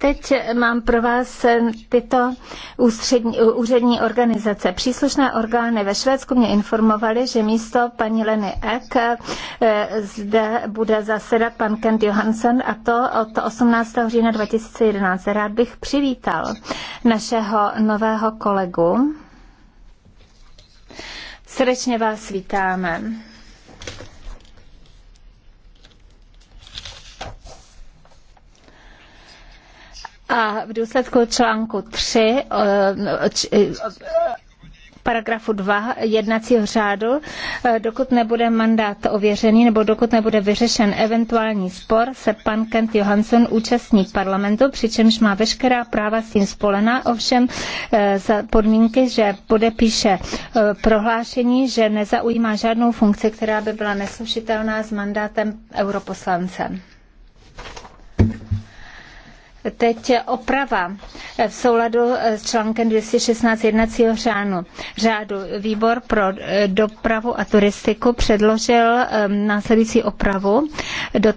Teď mám pro vás eh, tyto ústřední, úřední organizace. Příslušné orgány ve Švédsku mě informovaly, že místo paní Leny Ek eh, zde bude zasedat pan Kent Johansson a to od 18. října 2011. Rád bych přivítal našeho nového kolegu. Srdečně vás vítáme. A v důsledku článku 3 eh, paragrafu 2 jednacího řádu, eh, dokud nebude mandát ověřený nebo dokud nebude vyřešen eventuální spor, se pan Kent Johansson účastní parlamentu, přičemž má veškerá práva s tím spolená, ovšem eh, za podmínky, že podepíše prohlášení, že nezaujímá žádnou funkci, která by byla neslušitelná s mandátem europoslancem. Teď oprava v souladu s článkem 216 jednacího řádu. řádu. Výbor pro eh, dopravu a turistiku předložil eh, následující opravu do